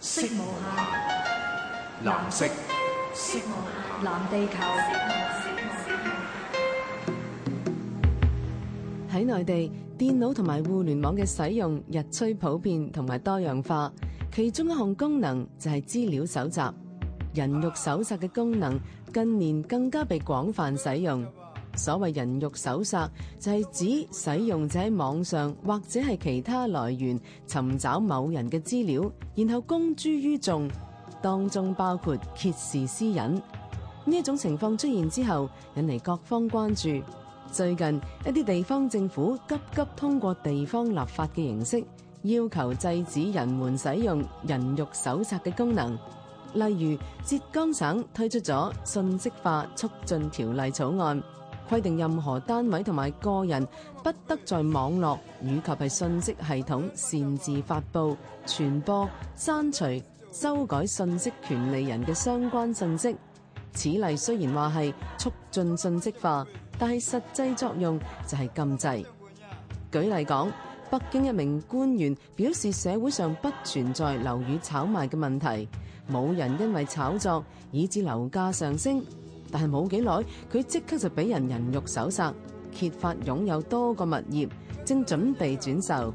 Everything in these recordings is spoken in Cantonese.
色無限，藍色，色無限，藍地球。喺內地，電腦同埋互聯網嘅使用日趨普遍同埋多樣化，其中一項功能就係資料搜集、人肉搜索嘅功能，近年更加被廣泛使用。所謂人肉搜索，就係、是、指使用者喺網上或者係其他來源尋找某人嘅資料，然後公諸於眾，當中包括揭示私隱呢一種情況出現之後，引嚟各方關注。最近一啲地方政府急急通過地方立法嘅形式，要求制止人們使用人肉搜索嘅功能，例如浙江省推出咗信息化促進條例草案。規定任何單位同埋個人不得在網絡以及係信息系統擅自發布、傳播、刪除、修改信息權利人嘅相關信息。此例雖然話係促進信息化，但係實際作用就係禁制。舉例講，北京一名官員表示社會上不存在樓宇炒賣嘅問題，冇人因為炒作以致樓價上升。但係冇幾耐，佢即刻就俾人人肉搜索，揭發擁有多個物業，正準備轉售。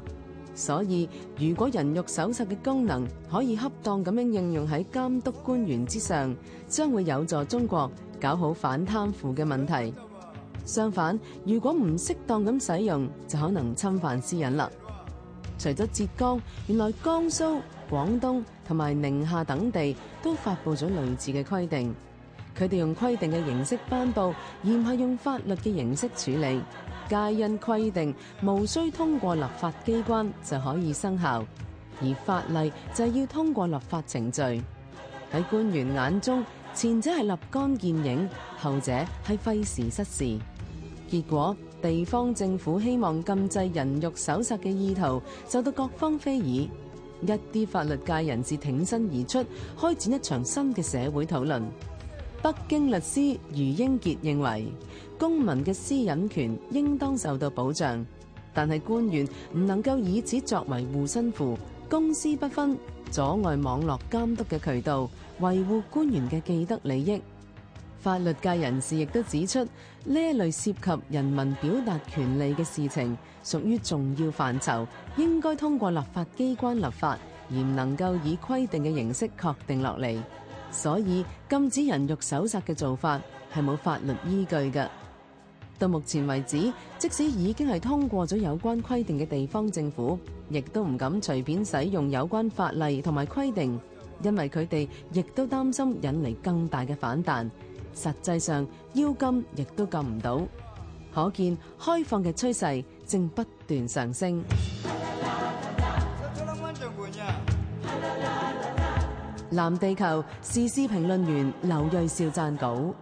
所以，如果人肉搜索嘅功能可以恰當咁樣應用喺監督官員之上，將會有助中國搞好反貪腐嘅問題。相反，如果唔適當咁使用，就可能侵犯私隱啦。除咗浙江，原來江蘇、廣東同埋寧夏等地都發布咗類似嘅規定。佢哋用規定嘅形式頒布，而唔係用法律嘅形式處理。戒印規定無需通過立法機關就可以生效，而法例就係要通過立法程序。喺官員眼中，前者係立竿見影，後者係費時失事。結果，地方政府希望禁制人肉搜索嘅意圖受到各方非議，一啲法律界人士挺身而出，開展一場新嘅社會討論。北京律師余英杰認為，公民嘅私隱權應當受到保障，但係官員唔能夠以此作為護身符，公私不分，阻礙網絡監督嘅渠道，維護官員嘅既得利益。法律界人士亦都指出，呢一類涉及人民表達權利嘅事情，屬於重要範疇，應該通過立法機關立法，而唔能夠以規定嘅形式確定落嚟。所以禁止人肉搜查嘅做法係冇法律依據嘅。到目前為止，即使已經係通過咗有關規定嘅地方政府，亦都唔敢隨便使用有關法例同埋規定，因為佢哋亦都擔心引嚟更大嘅反彈。實際上要禁亦都禁唔到，可見開放嘅趨勢正不斷上升。藍地球時事評論員劉銳紹撰稿。